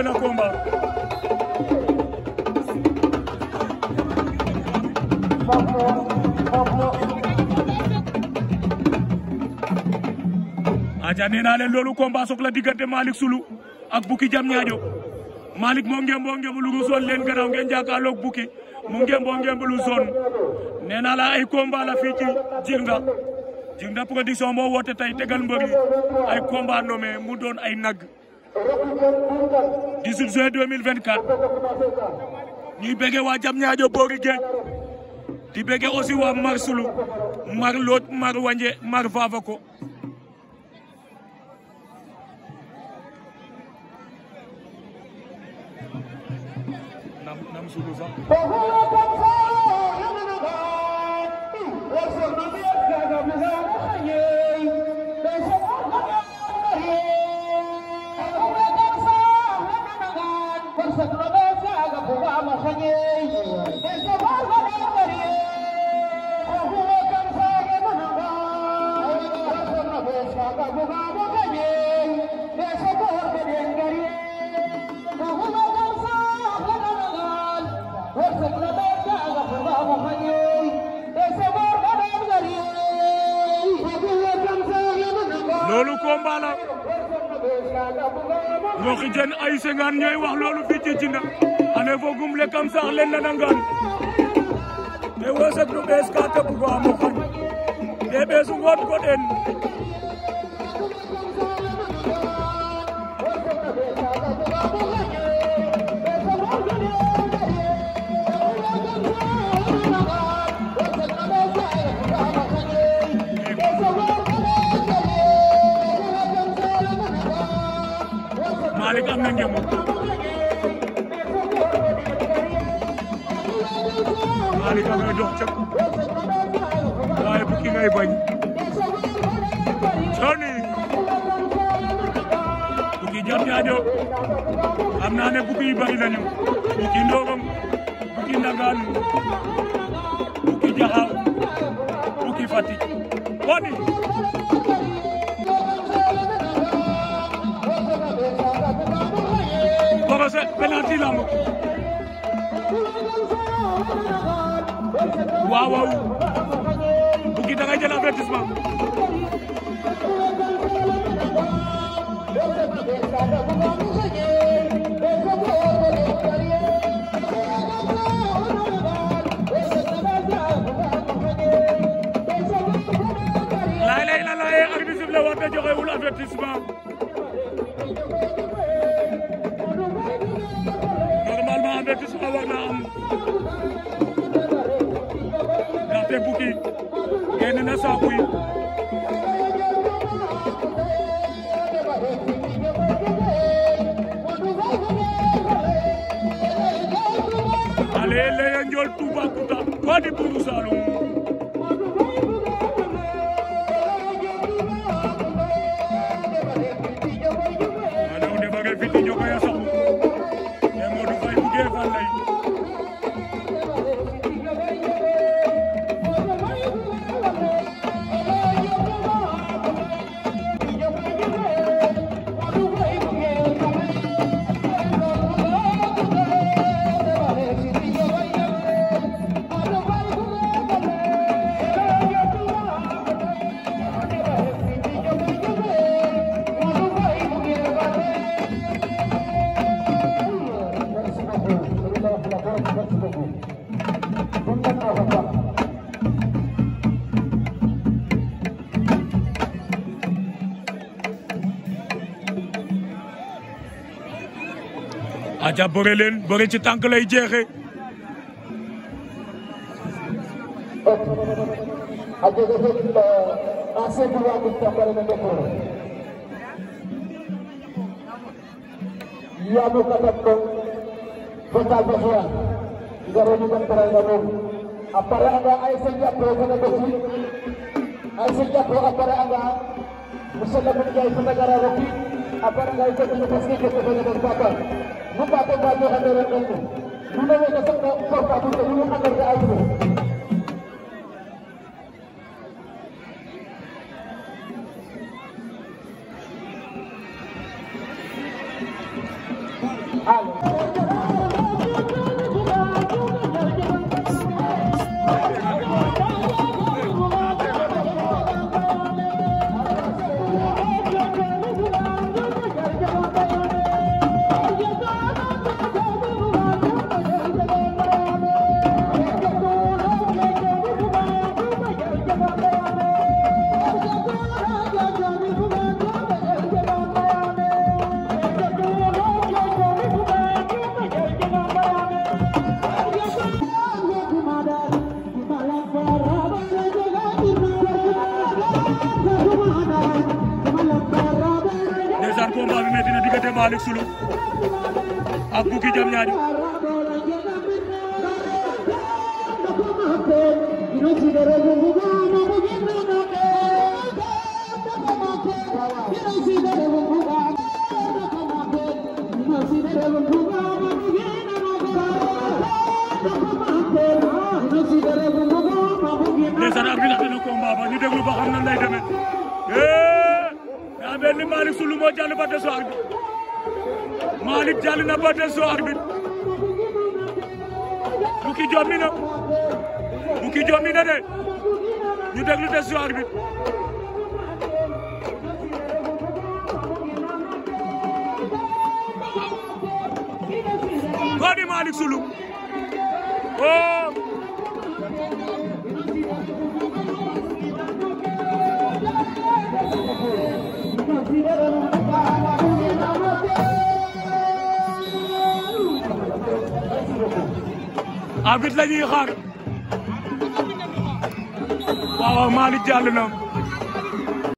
na combat aja nee naa leen loolu combat soxla diggante Malick Soulou ak Bouki Diamniadio Malick moo ngeen boo ngeen lu leen gannaaw ngeen jàkkaarloog Bouki mu ngeen boo ngeen lu zone ay combat la fii ci Djirnda Djirnda production moo woote tey ay combat mu doon ay nag 18 juin 2024 ñuy béggé waa jam ñaajo boori géej di béggé aussi waa mar mar looj mar wanje mar faafako nam nam sulu sax Rokhy jen ay se ngan ñoy wax lolu fi ci Djinda ane foogum le kam sax len nanangaan e wosek no bes ka bu ko am xañ de ɓeesu ngot ko den ngemu Waly da ngay dox ca waaye bu ki ngay bañ Sony bu ki jam ñaajo xam naa ne bu ki bari nañu bu ki ndogam bu ki ndagaan bu ki jaxaaw waaw waaw Bouki da ngay lay la laayee la war na joxewul avertissement normalement avertissement war na saaku yi ale leya njool Toubacouta ko di aca bëre leen bëre ci tànk lay jeexe a katak ko bakal basura garo ni kan paranga mo apara anga ay sejja pro kana besi ay sejja pro apara anga musalla ko jay ko gara roki apara ngai ko ko passe ko ko ko papa mu papa ba ko hande ro ko mu no ko ko ko papa ko mu hande ko ay ko Alô. Malick Soulou ak Bouki Diamniadio ndeysaan ak bi nga xam ne combat ba ñu déglu ba xam nan lay demee. daa mel ni Malick Soulou moo jàll ba desu ak bi. Malick jàll na ba des soo arbitre Bouki jommi na Bouki jommi na de ñu déglu des soo arbitre koo di Malick Soulou oo arbitre la ñuy xaar waaw Malick jàll na